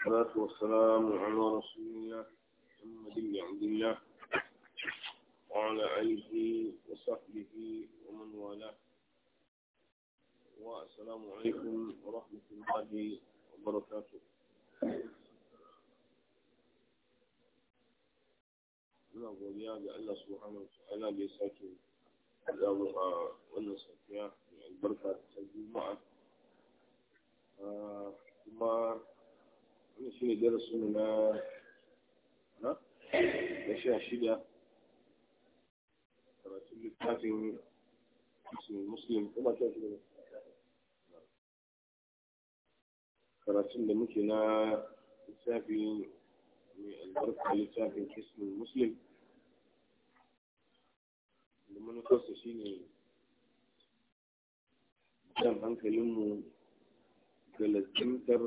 الصلاة والسلام على رسول الله محمد بن عبد الله وعلى آله وصحبه ومن والاه والسلام عليكم ورحمة الله وبركاته ina godiya ga Allah subhanahu wa ta'ala da ya sake za a wannan safiya mai albarka ta ah, kuma wani shi ne na karatun littafin karatun da muke na littafin mai albarka littafin kismin muslim manufarsu shi ne jan hankalinmu ga lantarkar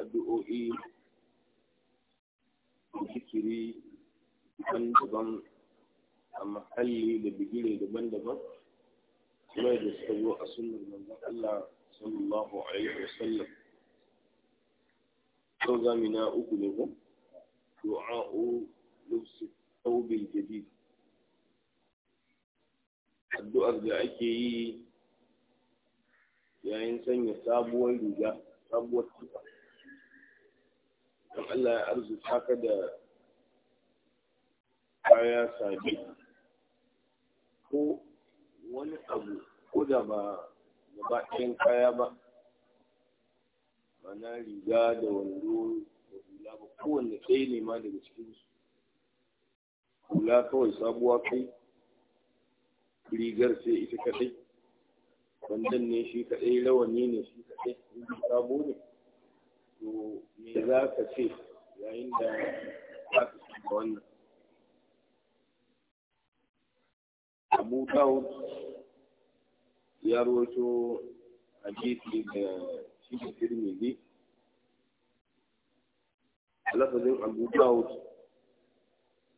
addu'o'i da zikiri daban-daban a mahalli da bigire daban-daban kuma da suka zo a sunar manzan Allah sallallahu alaihi wasallam sau zamina uku ne ko du'a'u lubsi tawbil jadid addu'ar da ake yi yayin sanya sabuwar riga sabuwar tufa don Allah ya arzuta ka da kaya sabi ko wani abu ko da ba gaba kaya ba mana riga da wando da hula ba kowanne ɗaya ne ma daga cikin su hula kawai sabuwa kai rigar sai ita kadai wannan ne shi kadai, rawani ne shi kadai shi sabo ne to me za ka ce yayin da za ka ce da wannan abu dawud ya roto hadisi da shi da tirmidhi lafazin abu dawud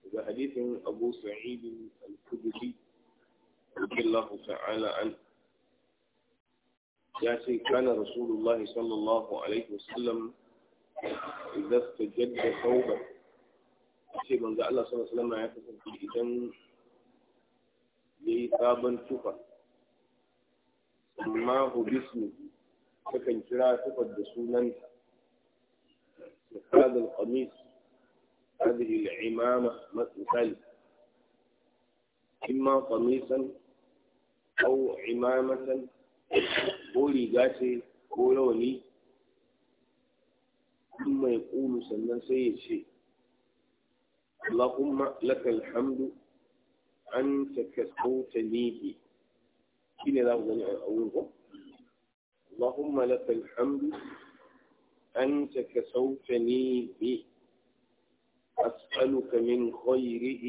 daga hadisin abu sa'id al-khudri رضي الله تعالى عنه ياتي كان رسول الله صلى الله عليه وسلم إذا استجد ثوبا شيء من ذا الله صلى الله عليه وسلم يكسر في إذن لثابا شفا سماه باسمه فكان شراء شفا بسونا هذا القميص هذه العمامة مثل ذلك إما قميصا أو عمامة ko riga ce ثم يقول سنة سيد شيء اللهم لك الحمد أنت كسوتني به كنا لا أقوله اللهم لك الحمد أنت كسوتني به أسألك من خيره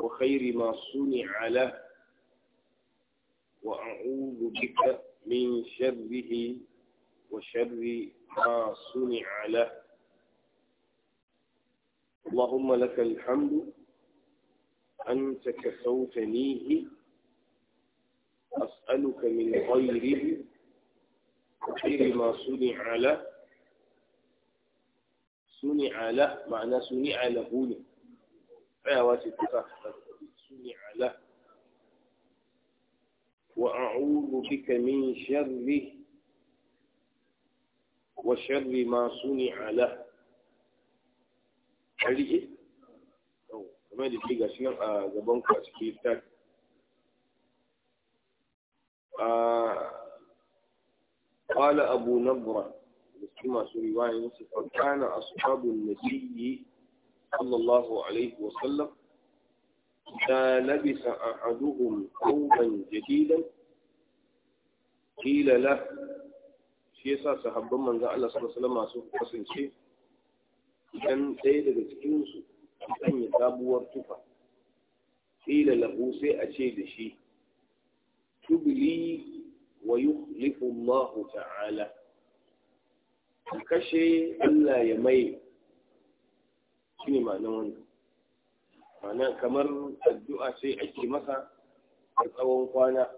وخير ما صنع له وأعوذ بك من شره وشر ما صنع له اللهم لك الحمد أنت كفوتنيه أسألك من غيره وخير ما صنع له صنع له معنى صنع له فيا واسف صنع له وأعوذ بك من شره وشر ما صنع له هل يجي؟ kamar da ke gashi nan a gaban ku a cikin قال أبو نبرة كما سوري فكان أصحاب النبي صلى الله عليه وسلم إذا لبس أحدهم ثوبا جديدا qila la shi yasa sahabban manzon Allah sallallahu alaihi wasallam su kasance idan ɗaya daga cikin su kan yi sabuwar tufa qila lahu sai a ce da shi tubli wa yukhlifu Allah ta'ala kashe Allah ya mai shi ma'anar wannan ma'ana kamar addu'a sai ake masa a tsawon kwana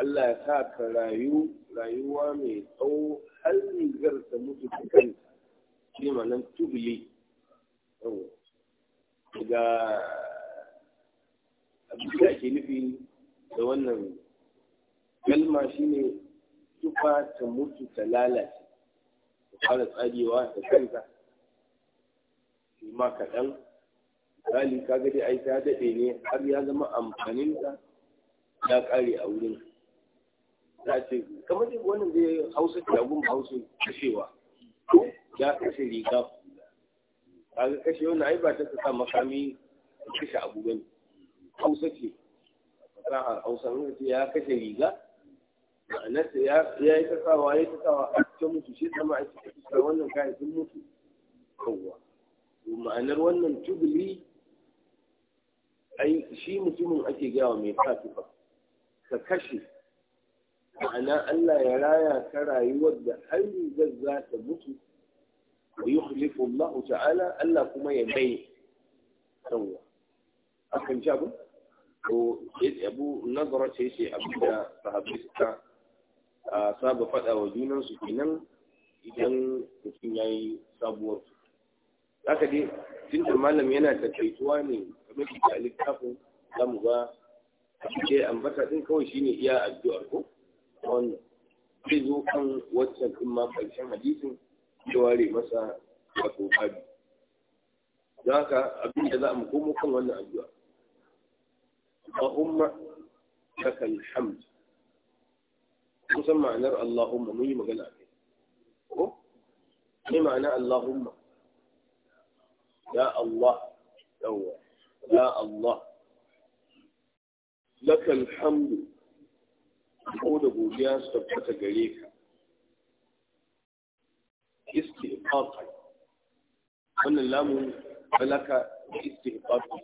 Allah ya sa ka rayu rayuwa mai tsawo har rigar ta mutu ta kanta shi ma tubili daga abin da ake nufi da wannan kalma shine tufa ta mutu ta lalace ta fara tsagewa da kanta shi ma kaɗan misali kaga dai ai ta daɗe ne har ya zama amfaninta ya ƙare a wurin za ce kamar dai wannan zai hausa jagun hausa kashewa ya kashe riga kaga kashe wani ai ba ta ta sa makami kashe abu bane hausa ce A hausa ne ya kashe riga ma'anarsa ya yi ta sawa ya yi ta sawa a cikin mutu shi sama a cikin fuskar wannan kayan sun mutu kawwa ma'anar wannan tubuli ai shi mutumin ake gawa mai sa tufa ka kashe ma'ana Allah ya raya ta rayuwar da har rigar za ta mutu yi Allah ta'ala Allah kuma ya mai a kan ci abu to abu nazara ce ce abu da sahabbai suka saba faɗa wa junansu kenan idan mutum ya yi sabuwar su haka dai tun malam yana takaituwa ne kamar da littafin zamu ba a ambata ɗin kawai shine iya addu'ar ko wannan zai zo kan waccan ɗin ma ƙarshen hadisin ya ware masa wato babi don haka abin da za mu komo kan wannan addu'a Allahumma laka alhamd kusan ma'anar Allahumma mun yi magana a kai ko Ni ma'ana Allahumma ya Allah yawwa ya Allah laka alhamdu ko da godiya su tabbata gare ka istiqaqan wannan lamun balaka istiqaqan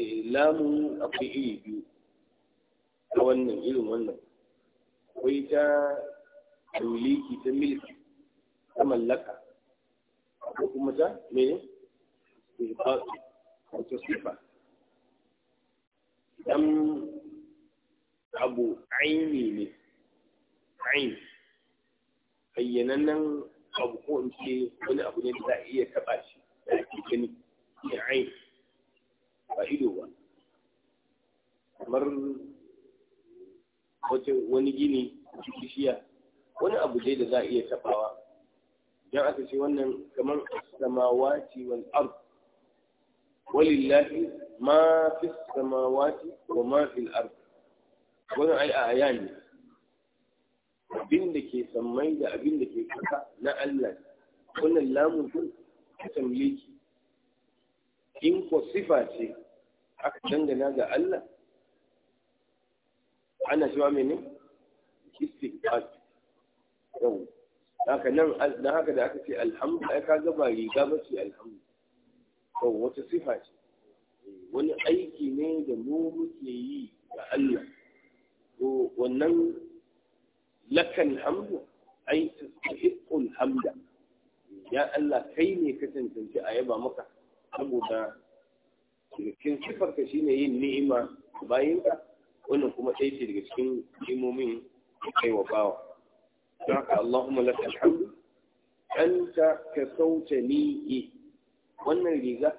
eh lamun akwai iri biyu ta wannan irin wannan akwai ta muliki ta milki ta mallaka ko kuma ta mene istiqaqan wato sifa idan abu aini ne aini bayyanannen abu ko in ce wani abu ne da za a iya taɓa shi da ake gani ne aini ba ido ba kamar wace wani gini bishiya wani abu dai da za a iya taɓawa don aka ce wannan kamar samawati wal ard walillahi ma fi samawati wa ma fil ard Wani ai a aya ne abin da ke sammai da abin da ke kasa na Allah wannan lamun sun kasan tamliki in ko sifa ce aka dangana ga Allah ana wa mene istiqat yau haka nan dan haka da aka ce alhamdu ai ka ga riga ba ce alhamdu to wata sifa ce wani aiki ne da mu muke yi ga Allah wannan lakan hamdu ai tahiqqul hamda ya Allah kai ne ka tantance a yaba maka saboda cikin sifar ka shine yin ni'ima bayin ka wannan kuma ɗaya ce daga cikin imomin kai wa bawa don haka Allahumma laka alhamdu anta ka sauta ni'i wannan riga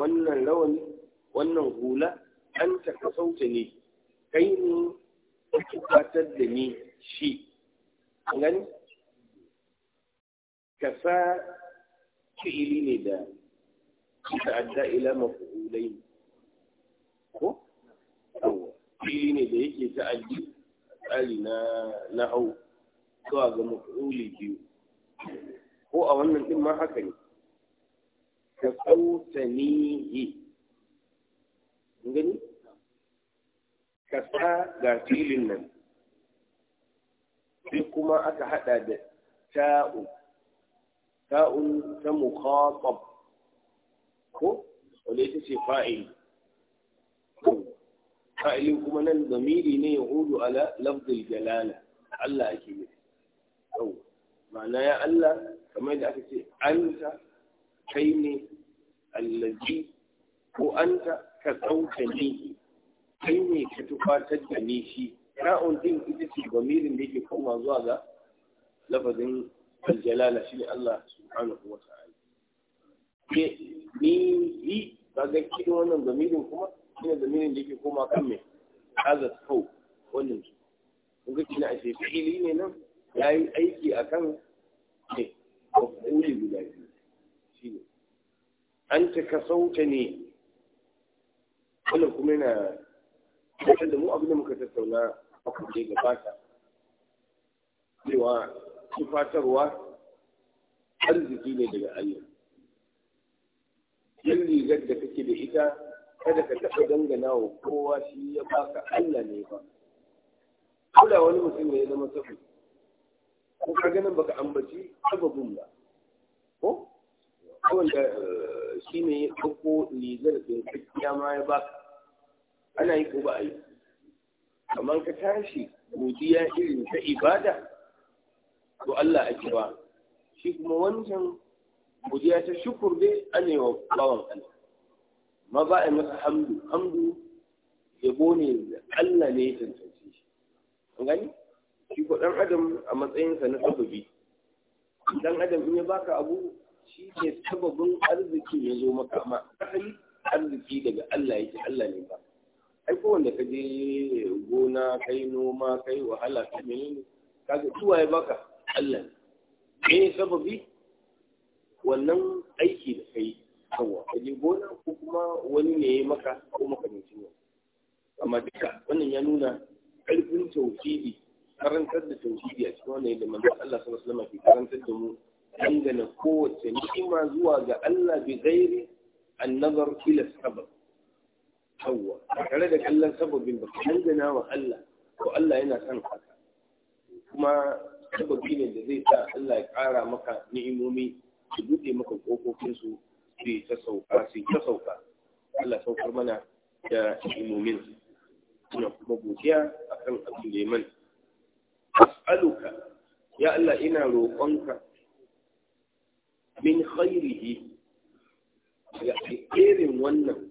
wannan rawani wannan hula anta ka sauta ni'i kai ne kake fatar da ni shi gani ka sa fi'ili ne da ta'adda ila maf'ulai ko fi'ili ne da yake ta'addi tsari na na'au zuwa ga maf'uli biyu ko a wannan din ma haka ne ka sautanihi gani ka sa ga filin nan sai kuma aka hada da ta'u ta'un ta mukhatab ko wanda ita ce fa'il fa'ilin kuma nan zamiri ne ya hudu ala lafzul jalala Allah ake yi yau ma'ana ya Allah kamar da aka ce anta kai ne allaji ko anta ka tsauka ne kai ne ka tufatar da ni shi ra'un din ita ce bamirin da yake koma zuwa ga lafazin aljalala shi ne Allah subhanahu wa ta'ala ke ni yi ba ga kidan wannan bamirin kuma shine bamirin da yake koma kan me hazat kau wannan su kun ga kina ashe fili ne nan Ya yi aiki a akan ne mafuli guda biyu An ta kasauta ne wannan kuma yana da mu abin da muka tattauna a kuɗe gabata cewa fatarwa arziki ne daga Allah yin rigar da kake da ita kada ka taɓa dangana wa kowa shi ya baka Allah ne ba kula wani mutum ne ya zama sabu ko ka ganin baka ambaci sababin ba ko da eh, shi ne ya ɗauko rigar da ya ma ya baka ana yi ko ba a yi amma ka tashi godiya irin ta ibada to Allah a kira shi kuma wancan godiya ta shukur dai an yi wa bawan Allah ma ba a masa hamdu hamdu yabo ne Allah ne ya tantance shi an gani shi ko dan adam a matsayinsa na sababi dan adam in ya baka abu shi ne sababin arzikin ya zo maka amma asali arziki daga Allah yake Allah ne ba ai kowanne ka je gona kai noma kai wahala kai menene kaga tuwa ya baka Allah ne sababi wannan aiki da kai kawo ka je gona ko kuma wani ne ya maka ko maka ne amma duka wannan ya nuna ƙarfin tauhidi karantar da tauhidi a cikin wannan yadda manzo Allah sallallahu alaihi wasallam ke karantar da mu dangana kowace ni'ima zuwa ga Allah bi ghairi an-nazar ila sabab hawa tare da kallon sababin ba ka dangana wa Allah ko Allah yana son haka kuma sababi ne da zai sa Allah ya ƙara maka ni'imomi su buɗe maka ƙofofinsu su yi ta sauka su ta sauka Allah saukar mana da ni'imomin muna kuma godiya akan abin da ya as'aluka ya Allah ina roƙonka min khairihi ya irin wannan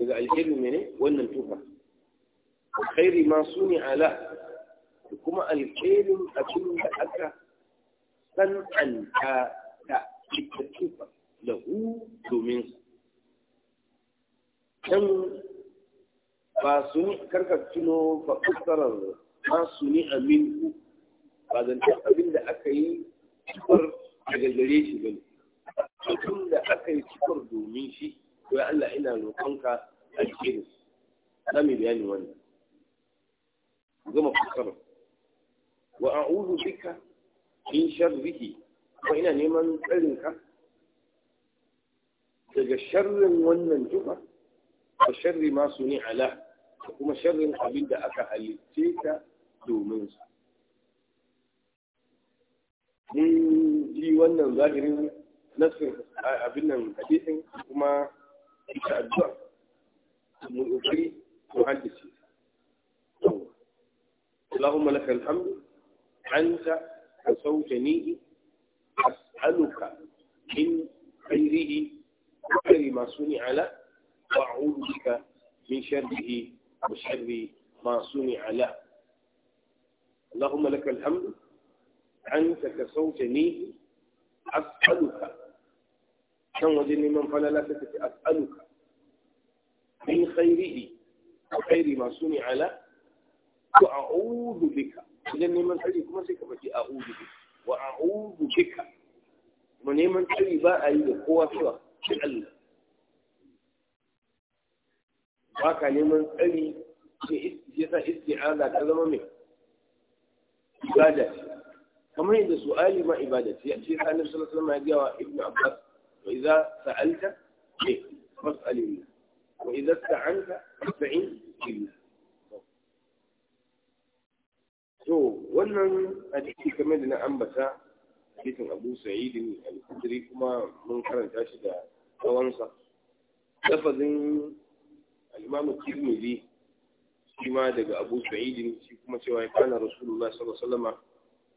daga alheri mene wannan tufa alkhairi ma suni ne ala da kuma alherin cikin da aka san'anta da cikin tufa hu domin can ba su ni karkar tuno ba kusurar ba su ni aminu ba zancen abin da aka yi cikar daga gare shi gani cikin da aka yi cikar domin shi ko ya Allah ina roƙonka cikin za mu bayani wani gama a wa a'udhu bika min sharrihi ko ina neman tsarinka daga sharrin wannan jufa wa sharri masu ni ala da kuma sharrin abin da aka halicce ka domin su. mun ji wannan zahirin nasir abin nan hadisin kuma ita addu'a mu kokari mu haddace اللهم لك الحمد أنت كسوتني أسألك من خيره وخير ما صنع له وأعوذ بك من شره وشر ما صنع له اللهم لك الحمد أنت كسوتني أسألك can wajen neman falala ta tafi as'aluka min khairihi ko khairi masu ne ala ko a'udhu bika Idan neman tsari kuma sai ka faɗi a'udhu bika wa a'udhu bika mu neman tsari ba a yi da kowa cewa shi Allah ba ka neman tsari shi yasa isti'aza ta zama mai ibada ce kamar yadda su'ali ma ibada ce a cikin annabi sallallahu alaihi wasallam ya gaya wa ibnu abbas وإذا سألت فاسأل الله وإذا استعنت فاستعن بالله so wannan hadisi kamar da na ambata cikin Abu Sa'id al-Khudri kuma mun karanta shi da tsawonsa lafazin al-Imam Tirmidhi shi ma daga Abu Sa'id shi kuma cewa ya kana Rasulullah sallallahu alaihi wasallam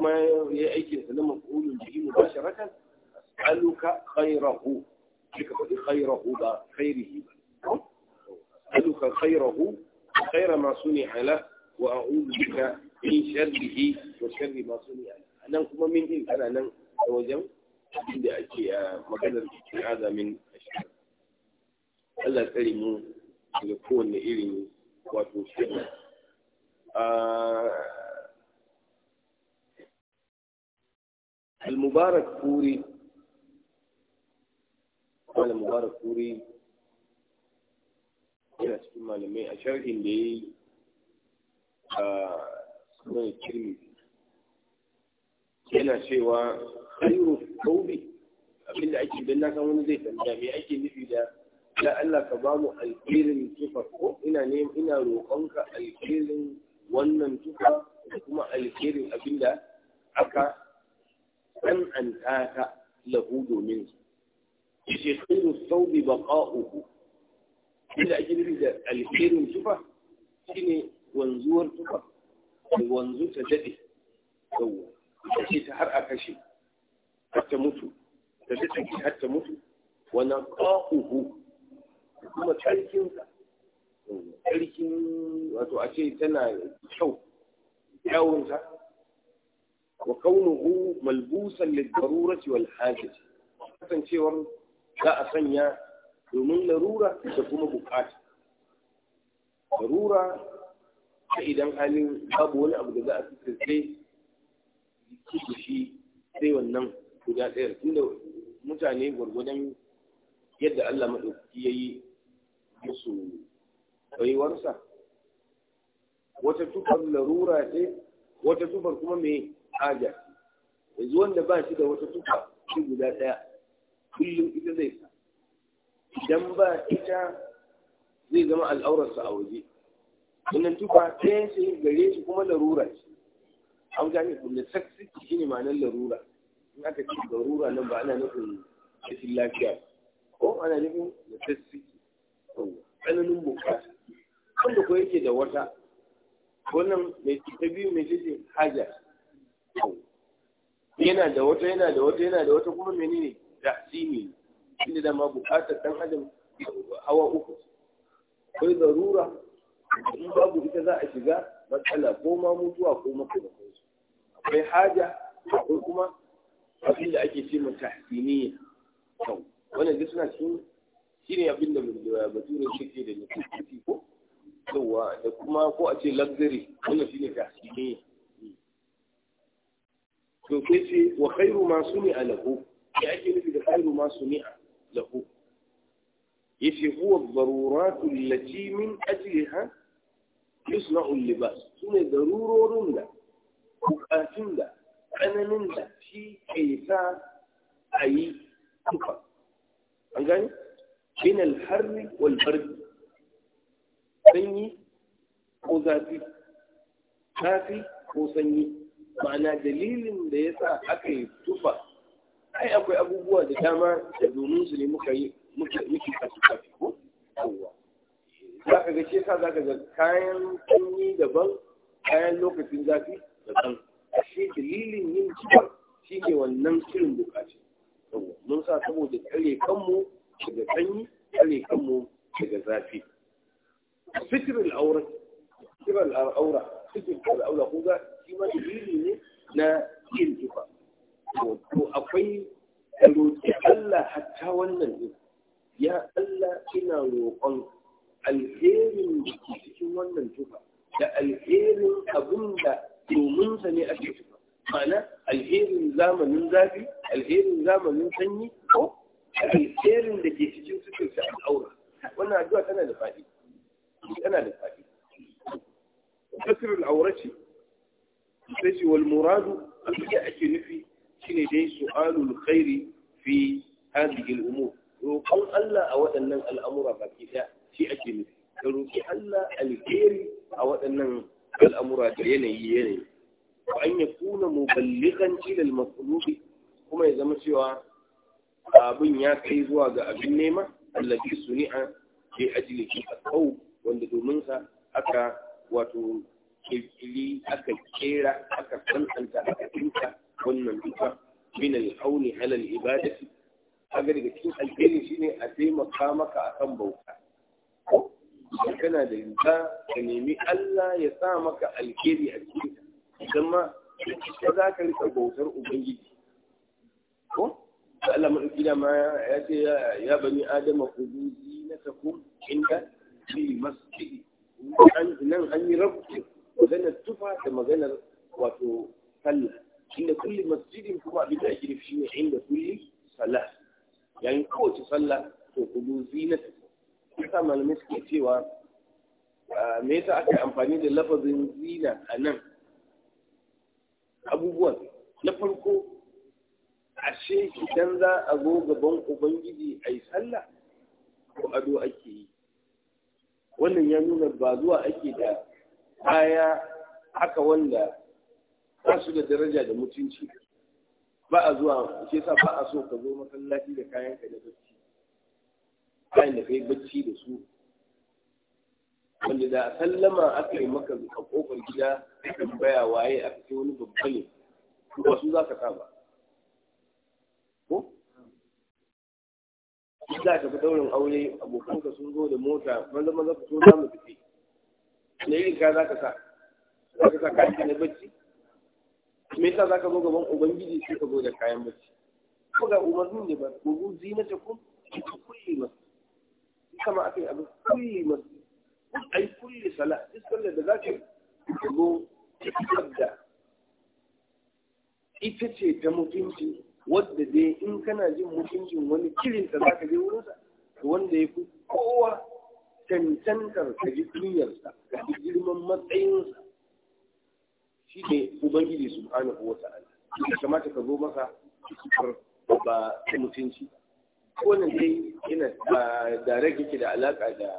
kuma ya yi aikin sa na mu ba mubasharatan as'aluka khayrahu kika faɗi khayrahu ba khayrihi ba aluka khayrahu khayra ma suni'a la wa a'udhu bika min sharrihi wa sharri ma suni'a nan kuma min din kana nan a wajen inda ake maganar cikin azamin ashir Allah tsare mu daga kowanne irin wato shirin ah, المبارك فوري yana cikin malamai a sharhin da ya yi a sunan kirmi yana cewa khairu taubi abinda ake dan na wani zai tambaya me ake nufi da ya Allah ka ba mu tufa ko ina ne ina roƙonka alkhairin wannan tufa da kuma alkhairin abinda aka an an ta lahu domin su yace khairu thawbi baqa'uhu inda ake nufi da alkhairin tufa shine wanzuwar tufa wanzu ta dade yawwa ita ta har a kashe har ta mutu ta dade har ta mutu wa naqa'uhu kuma tsarkinsa tsarkin wato a ce tana kyau kyawunsa wa kaunuhu malbusan lidarurati wal hajj kasancewar za a sanya domin larura da kuma bukata larura ta idan halin babu wani abu da za a fitarce da shi sai wannan guda ɗaya tunda mutane gwargwadon yadda Allah maɗaukaki ya yi musu baiwarsa wata tufar larura ce wata tufar kuma mai haja yanzu wanda ba shi da wata tufa shi guda ɗaya kullum ita zai sa idan ba ita zai zama al'aurarsa a waje wannan tufa ɗaya ce gare shi kuma larura shi. an gane kuma saksiki shi ne ma'anar larura in aka ce larura nan ba ana nufin rashin lafiya ko ana nufin da saksiki tsananin bukata wanda ko yake da wata wannan mai ta biyu mai jirgin hajar yana da wata yana da wata yana da wata kuma menene tahsini inda dama bukatar dan adam hawa uku akwai zarura in babu ita za a shiga matsala ko ma mutuwa ko kuma akwai haja akwai kuma abin da ake ce ma tahsiniya kyau wannan duk suna cikin shine abin da bature shi da nufi ko yawa da kuma ko a ce luxury wannan shine tahsiniya to sai ce wa khairu ma a lahu ya ake nufi da khairu ma suni'a lahu yace huwa daruratu allati min ajliha yusna'u libas sune zarurorin da bukatun da tsananin da shi ke sa a yi tufa an gani min alharri wal sanyi ko zafi zafi ko sanyi ma'ana dalilin da ya sa aka yi tufa ai akwai abubuwa da dama da domin su ne muka yi muke kasu ko za ka ga shesa za ka ga kayan sanyi daban kayan lokacin zafi daban ashe dalilin yin tufa shi ne wannan shirin bukaci mun sa saboda tsare kanmu daga sanyi tsare kanmu daga zafi fitrul aura fitrul aura fitrul aura ko shi ma dalili ne na yin zuba to akwai roƙi Allah hatta wannan ne ya Allah ina roƙon alherin da ke cikin wannan tufa da alherin abin da domin sa ne ake tuka. Mana alherin zamanin zafi alherin zamanin sanyi ko alherin da ke cikin a al'aura wannan addu'a tana da faɗi tana da faɗi kasirul aurace sai wal muradu abinda ake nufi ne dai su'alul khairi fi hadhihi al umur roƙon Allah a waɗannan al'amura baki ɗaya shi ake nufi ka roƙi Allah alheri a waɗannan al'amura da yanayi yanayi ko an ya kuna muballigan ilal masulubi kuma ya zama cewa abin ya kai zuwa ga abin nema allafi suni'a ke ajilikin a wanda domin sa aka wato Ƙirƙiri aka kera aka tsantsanta aka tinka wannan duka min al-auni ala al-ibadati kaga daga cikin alheri shine a taimaka maka akan bauta kana da yunta ka nemi Allah ya sa maka alheri a cikin idan ma ba za ka rika bautar ubangiji ko Allah madauki da ma ya ce ya bani adama na zinatakum inda fi masjidi nan an yi rabu maganar tufa da maganar wato sallah inda kulli masjidin kuma abin da ake nufi ne inda kulli sallah yayin kowace sallah to kudu zinata yasa malamai suke cewa ah, me yasa aka amfani da lafazin zina a nan abubuwan na farko ashe idan za a zo gaban ubangiji a yi sallah ko ado ake yi wannan ya nuna ba zuwa ake da baya haka wanda ba su da daraja da mutunci ba a zuwa shi sa ba a so ka zo masallaci da kayan ka na bacci kayan da kai bacci da su wanda da sallama aka yi maka a kofar gida kan baya waye aka ce wani babba ne ba su za ka kama ko za ka fi daurin aure abokanka sun zo da mota maza maza ka so za mu tafi me irin ka za ka sa za ka sa kayan na bacci me yasa za ka zo gaban ubangiji sai ka zo da kayan bacci ko ga umarnin ne ba gugu zinata kun ita kulli masu kama aka yi abin kulli masu ai kulli sala duk sallar da za ka zo da ita ce ta mutunci wadda dai in kana jin mutuncin wani kirinta za ka je wurinsa wanda ya fi kowa cancantar ka ji kunyarsa ka ji girman matsayinsa shi ne ubangiji subhanahu wa ta'ala ya kamata ka zo masa sifar ba ta mutunci wannan dai yana da rage da alaka da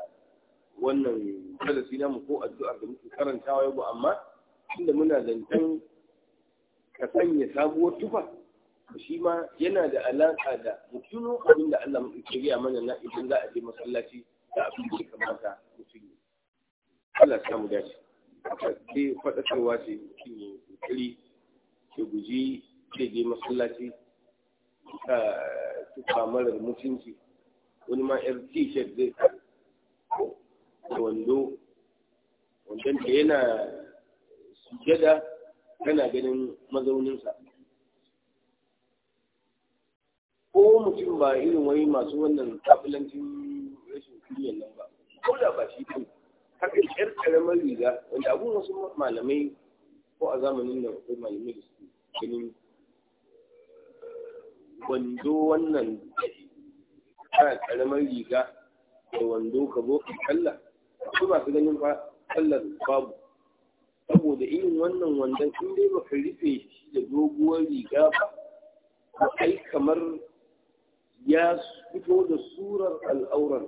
wannan darasi namu ko addu'ar da muke karantawa yau amma inda muna zancen ka sanya sabuwar tufa shi ma yana da alaƙa da mutuno abinda da Allah mutum ke mana na idan za a je masallaci da abin da ya kamata mutum yi Allah ya samu dace sai faɗakarwa ce mutum ya kokari ya guji zai je masallaci ta tuka marar mutunci wani ma yar t-shirt zai ta wando wandon yana sujada tana ganin mazauninsa ko mutum ba irin wani masu wannan kafilancin rashin kiriyar nan ba ko da ba shi kan haka yar karamar riga wanda abun wasu malamai ko a zamanin da akwai malamai da su ganin eh, wando wannan kana karamar riga da wando ka zo ka kalla su ba su ganin ba kallar babu saboda irin wannan wandon in dai ka rufe shi da doguwar riga ba kai kamar ya fito da surar al'auran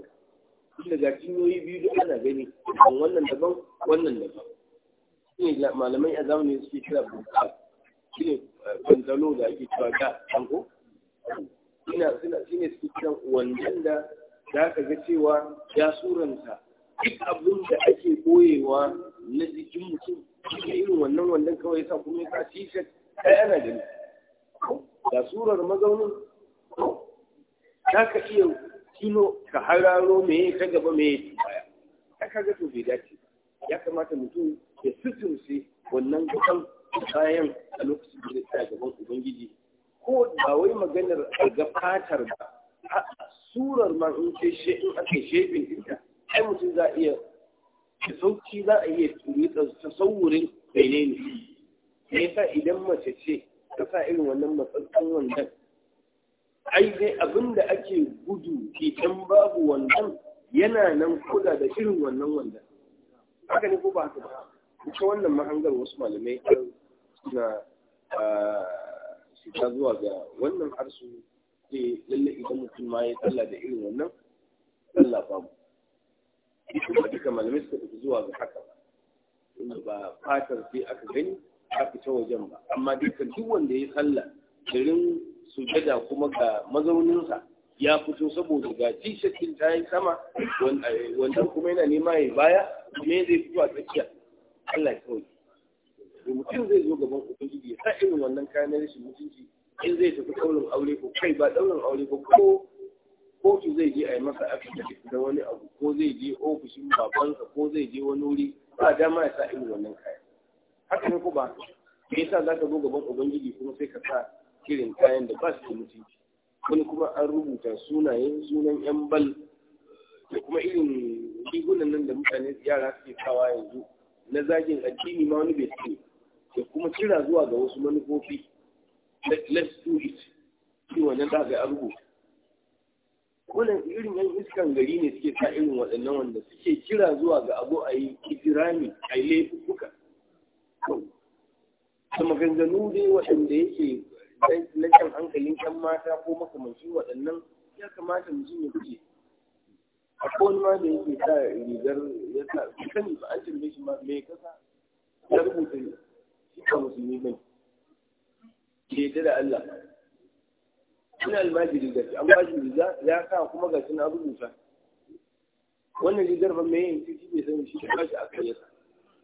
inda ga cinyoyi biyu da ana gani wannan daban wannan daban shi ne malamai a zamani suke kira bukka shi ne pantalo eh, da ake cewa ga tanko suna shi ne suke kiran wannan da za ka ga cewa ya suranta duk abin da ake koyewa na jikin mutum shi irin wannan wannan kawai ya sa kuma ya sa t-shirt ɗaya ana gani ga surar mazaunin za ka iya kilo ka hararo me ta gaba me baya ya ga to bai dace ya kamata mutum ya sutunce wannan kusan bayan a lokacin da zai tsaya gaban ubangiji ko ba wai maganar a ga fatar ba a surar ma in ce in aka shefin ita. ai mutum za a iya da sauki za a iya turi tasawurin menene me yasa idan mace ce ta sa irin wannan matsatsan wannan ai dai abin da ake gudu idan babu wannan yana nan kula da irin wannan wannan haka ne ko ba haka ba ita wannan mahangar wasu malamai suna shiga ah, zuwa ga wannan harsu ke lalle idan mutum ma ya tsalla da irin wannan tsalla babu ba duka malamai suka tafi zuwa ga haka inda ba fatar sai aka gani a fita wajen ba amma dukkan duk wanda ya tsalla irin sujada kuma ga mazauninsa ya fito saboda ga tishakin ta yi sama eh, wannan kuma yana nema ya baya kuma zai fito a tsakiya Allah kawai mutum zai zo gaban ubangiji ya sa irin wannan kayan rashin mutunci in zai tafi ɗaurin aure ko kai ba ɗaurin aure ko ko kotu zai je a yi masa afirka da wani abu ko zai je ofishin babansa ko zai je wani wuri ba dama ya sa irin wannan kayan haka ne ko ba me yasa za ka zo gaban ubangiji kuma sai ka sa Kirin kayan da ba su da mutu wani kuma an rubuta sunayen sunan yan bal da kuma irin rigunan nan da mutane yara suke kawa yanzu na zagin addini ma wani bai da kuma kira zuwa ga wasu manufofi let's do it shi wannan za ga rubuta wannan irin yan iskan gari ne suke sa irin waɗannan wanda suke kira zuwa ga abu a yi kirami a yi laifuka ta maganganu dai waɗanda yake na jan hankalin ƴan mata ko makamanci waɗannan ya kamata mutum ya guje akwai wani ma da yake sa rigar ya sa sani ba an tambaye shi ma me kasa ya rubuta shi ba musulmi bane ke da Allah Suna almajiri ga shi an ba shi riga ya sa kuma ga shi na rubuta wannan rigar ba mai yin ciki bai sani shi ba shi aka yi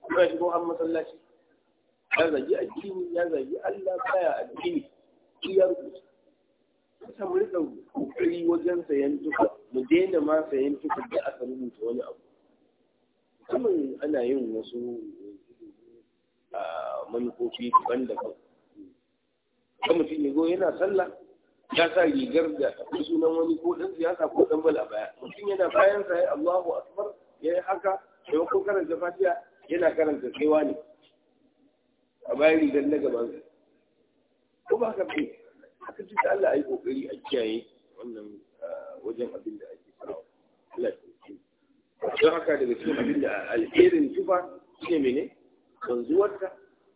kuma shi ko an masallaci ya zagi addini ya zagi Allah baya addini shi ya kusa mu rika kokari wajen sayan tufa mu daina ma sayan tufa da aka rubuta wani abu musamman ana yin wasu manufofi daban daban kan mutum ya zo yana sallah ya sa rigar da tafi sunan wani ko dan siyasa ko dan bala baya mutum yana bayan sa ya Allahu akbar ya yi haka da ko karanta fatiha yana karanta kaiwa ne a bayan rigar na gaban ko ba haka bai haka duk Allah ai kokari a kiyaye wannan ah, wajen abin da ake sawa Allah ya don haka daga cikin abin da alherin tufa shine mene wanzuwarta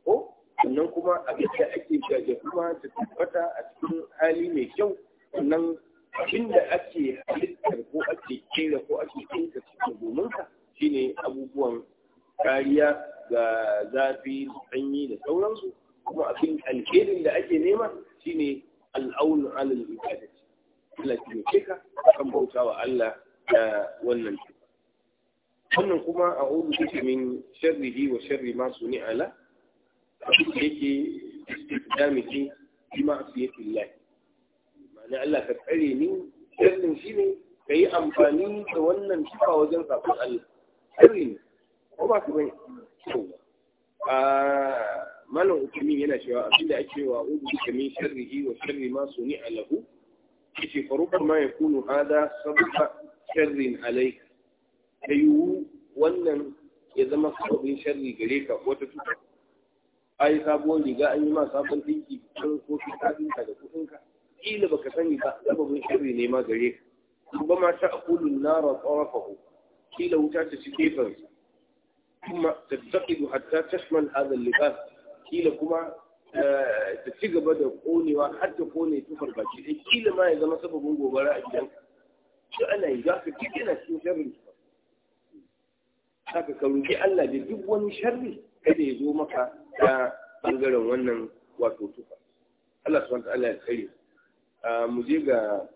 ko sannan kuma abin da ake shaje kuma ta tabbata a cikin hali mai kyau sannan abin da ake halittar ko ake kera ko ake kinka cikin gomanka shine abubuwan kariya ga zafi sanyi da sauransu kuma abin alherin da ake nema shine al'aunu alal ibadati Allah ya ce ka kan bauta wa Allah da wannan wannan kuma a udu take min sharrihi wa sharri ma suni ala abin da yake istikdamiki bi ma'siyati Allah ma'ana Allah ka tsare ni sharrin shine yi amfani da wannan sifa wajen sabon Allah sharri ne ko ba ku bane to malam ukumin yana cewa abinda ake wa udu da min sharrihi wa sharri ma suni alahu yace faruqar ma yakunu hada sabba sharrin alayka ayu wannan ya zama sabbin sharri gare ka wata tuka ai sabuwar riga an yi ma sabon dinki ko ko ka da ka kila baka sani ba sabbin sharri ne ma gare ka kuma ma ta aqulu an-nara tarafahu kila wuta ta ci gefansa kuma tattaqidu hatta tashmal hadha al-libas kila kuma eh, ta ci gaba da konewa har ta kone tufar baki ɗaya kila ma ya zama sababin gobara a gidan shi ana yi za ka ci yana cikin sharri haka ka roƙi Allah da duk wani sharri kada ya zo maka ta bangaren wannan wato tufa Allah su wanta Allah ya tsari mu je ga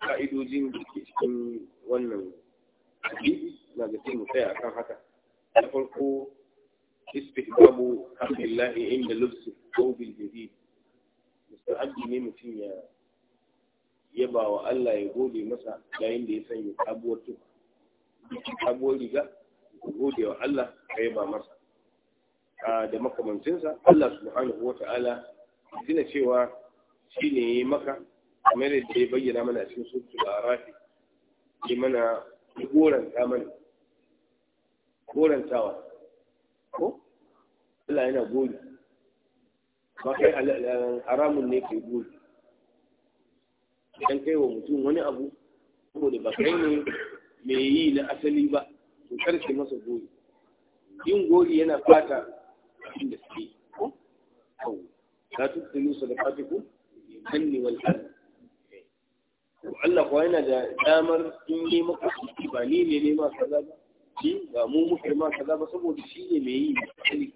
ka'idojin da ke cikin wannan abin na da ke mu tsaya akan haka na farko istihbabu لله عند لبس الثوب الجديد mustahabbi ne mutum ya yaba wa Allah ya gode masa yayin da ya sanya sabuwar tufa sabuwar riga ya gode wa Allah ya yaba masa ah, da makamancinsa Allah subhanahu wa ta'ala tuna cewa shi ne ya yi maka kamar da ya bayyana mana cikin sutu a rafi ya mana goranta mana gorantawa ko Allah yana gori ba kai haramun ne ke gori idan kai wa mutum wani abu saboda ba kai ne mai yi na asali ba to karshe masa gori yin gori yana fata inda suke ko da fata sadaqatikum hanni wal Allah kuwa yana da damar sun yi maka ba ni ne ne ma kaza ba shi ba mu muke ma kaza ba saboda shi ne mai yi ne.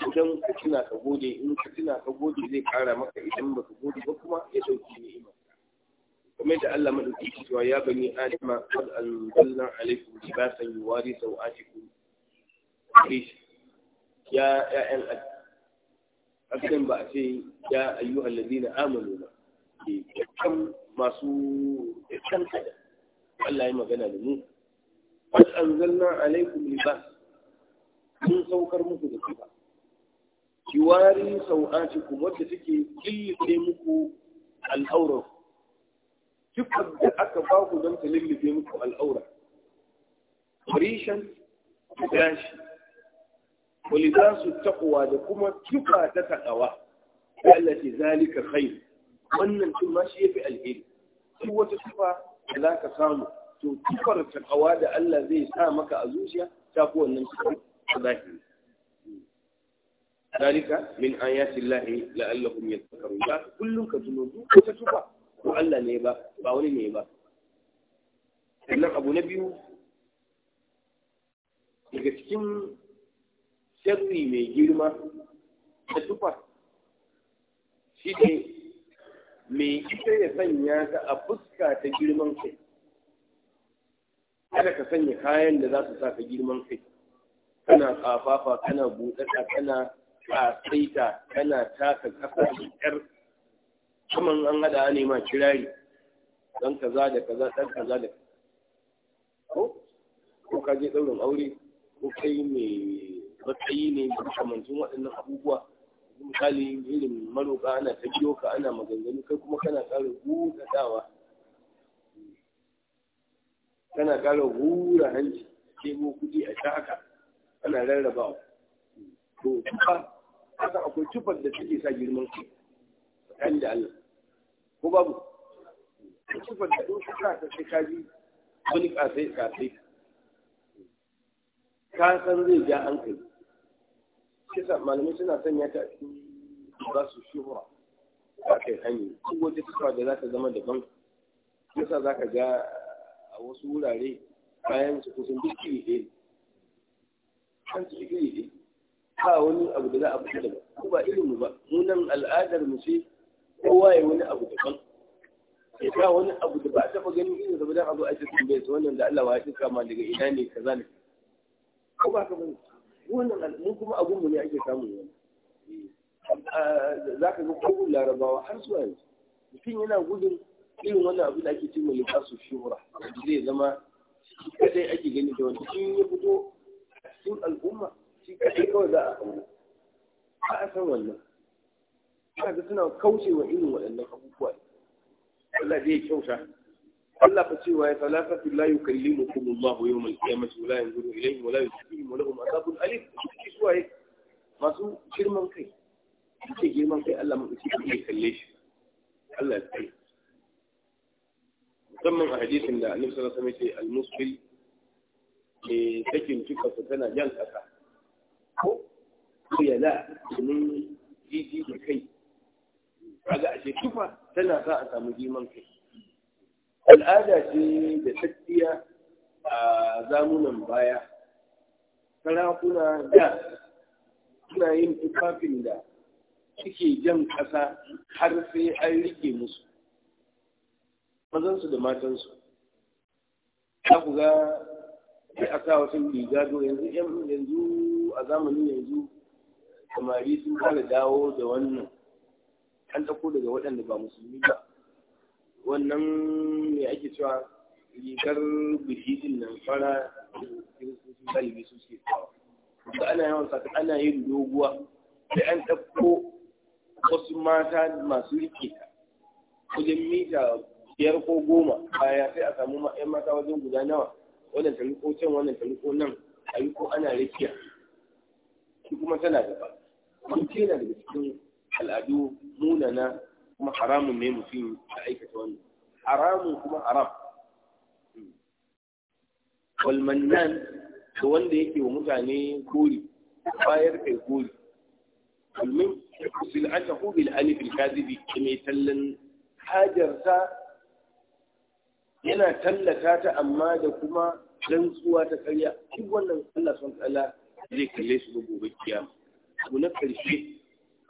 idan ka tuna ka gode in ka tuna ka gode zai kara maka idan baka gode ba kuma ya dauki ni'ima kamar da Allah madauki cewa ya bani adama qad anzalna alaykum libasan yuwari sawatikum ya an akan ba a ce ya ayyuhal ladina amanu ba kan masu kan kada Allah ya magana da mu qad anzalna alaykum libas sun saukar muku da kuka. kiwari sau'atikum wadda take killife muku al'aurar sifar da aka ba ku don ta lullufe muku al'aura rishan gashi wani za su taɓuwa da kuma tufa ta taɗawa da Allah ce zalika wannan tun ma shi fi alheri duk wata tufa da za ka samu to tufar taɗawa da Allah zai sa maka a zuciya ta fi wannan tufar zahiri min ذلك من آيات الله لعلهم ko ta tuba Ko Allah ne ba ba wani ne ba sannan abu na biyu daga cikin sharri mai girma ta tufa shi ne mai ita ya sanya ta a fuska ta girman kai kada ka sanya kayan da za su sa ka girman kai kana kafafa kana buɗaɗa kana kasaita tana taka kasa 'yar ƙyar kaman an hada ne ma kirari don kaza da kaza dan kaza da ko ko ka je daurin aure ko kai mai matsayi ne da kamancin waɗannan abubuwa misali irin maroka ana ta biyo ka ana maganganu kai kuma kana ƙara buɗaɗawa kana ƙara hura hanci ke mu kuɗi a sha haka ana rarrabawa to duka haka akwai tufar da suke sa girman su tsakanin da Allah ko babu tufar da su suka ta sai ka ji wani kasai kasai ka san zai ja hankali kisa malamai suna sanya ta a cikin ba su shuhura ba kai hanyar su wata tufa da za ta zama daban yasa za ka ga a wasu wurare bayan su kusan duk kiri ɗaya su kiri ɗaya wani abu da za a fita daga ko ba irin mu ba mu nan al'adar mu ce kowa ya wani abu daban ya sa wani abu da ba a taɓa ganin irin sa ba dan a zo a ce tambaye su wannan da Allah wa ya kama daga ina ne kaza ne ko ba ka bane wannan mu kuma abun mu ne ake samun wani za ka ga kowane larabawa har zuwa yanzu mutum yana gudun irin wannan abu da ake cewa ya kasu shura zai zama kadai ake gani da wani shi ya fito cikin al'umma shi kaɗai kawai za a auna ba a san wannan ba ga suna kaucewa irin waɗannan abubuwa Allah zai kyauta Allah fa cewa ya talafatu la yukallimukum Allah yawm al-qiyamati wa la yanzuru ilayhim wa la yusfihim wa lahum azabun alim shi suwaye masu girman kai suke girman kai Allah mu ci ne kalle shi Allah ya kai musamman a hadisin da Annabi sallallahu alaihi wasallam ya ce al-musbil ke eh, sakin tuka tana jan kasa ko kuyala domin jiji da kai kaga ashe tufa tana sa a samu jiman kai al'ada ce da tafiya a zamunan baya sarakuna da suna yin tufafin da suke jan ƙasa har sai an rike musu mazansu da matansu za ku ga sai a sa wasu riga yanzu a zamanin yanzu samari sun fara dawo da wannan an ɗauko daga waɗanda ba musulmi ba wannan ne ake cewa rigar bishidin nan fara kiristoci galibi su ke da ana yawan saka ana yin doguwa Sai an ɗauko wasu mata masu rike ta wajen mita biyar ko goma baya sai a samu 'yan mata wajen guda nawa wannan taliko can wannan taliko nan a yi ko ana rikiya shi kuma tana da ba mutum yana daga cikin al'adu munana kuma haramun ne mutum ya aikata wannan haramun kuma haram walmannan da wanda yake wa mutane gori bayar kai gori domin sil'atahu bil alif al kadhibi mai tallan hajarsa yana tallata ta amma da kuma rantsuwa ta karya duk wannan Allah subhanahu wa ta'ala zai kalle su gobe kiyama abu na karshe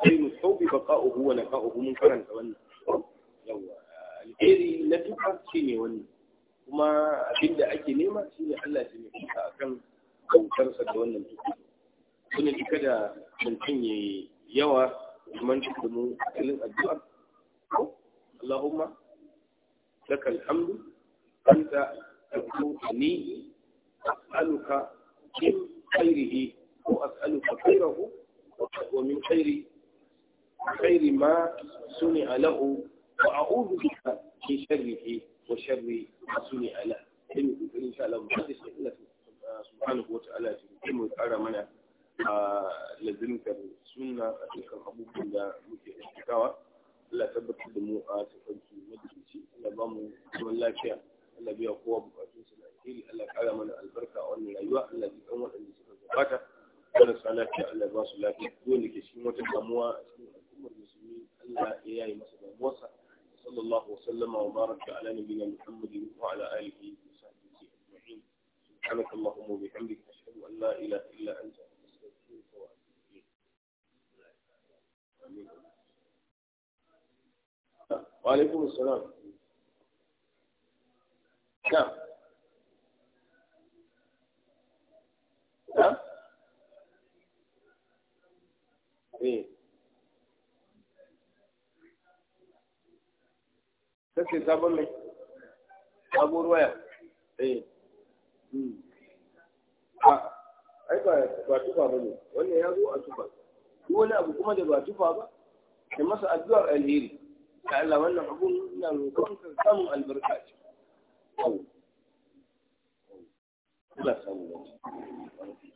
sai mu taubi baka'uhu wa naka'uhu mun karanta wannan yawa alheri na duka ne wannan kuma abinda ake nema shine Allah ne nemi ka akan kautarsa da wannan duka kuma duka da mutum ya yawa kuma duka mu akalin addu'a Allahumma laka alhamdu anta taqutni as'aluka min خيره وأسألك خيره ومن خير خير ما صنع له وأعوذ بك من شره وشر ما صنع له إن شاء الله محدث سبحانه وتعالى يمكن يقرأ منا lazimtar suna a cikin abubuwan da muke cikawa Allah tabbatar da mu a tafarki madalici Allah ba mu zaman lafiya Allah biya kowa bukatun su na alheri Allah kara mana albarka a rayuwa Allah bi kan bukata wanda su Allah ya Allah ba su lafiya wanda ke cikin wata damuwa cikin al'ummar musulmi Allah ya yi masa damuwarsa sallallahu wa sallama wa baraka ala nabiyina Muhammadin wa ala alihi wa sahbihi ajma'in subhanak allahumma wa bihamdika ashhadu an la ilaha illa anta astaghfiruka wa atubu ilayk wa alaikum assalam نعم نعم sai eh. sabon mai sabon waya eh hmm. a ba tufa ba ne wannan ya zo a tufa duk wani abu kuma da ba tufa ba da masa addu'ar alheri ta Allah wannan abun na roƙon ka samun albarka ce Allah samu wani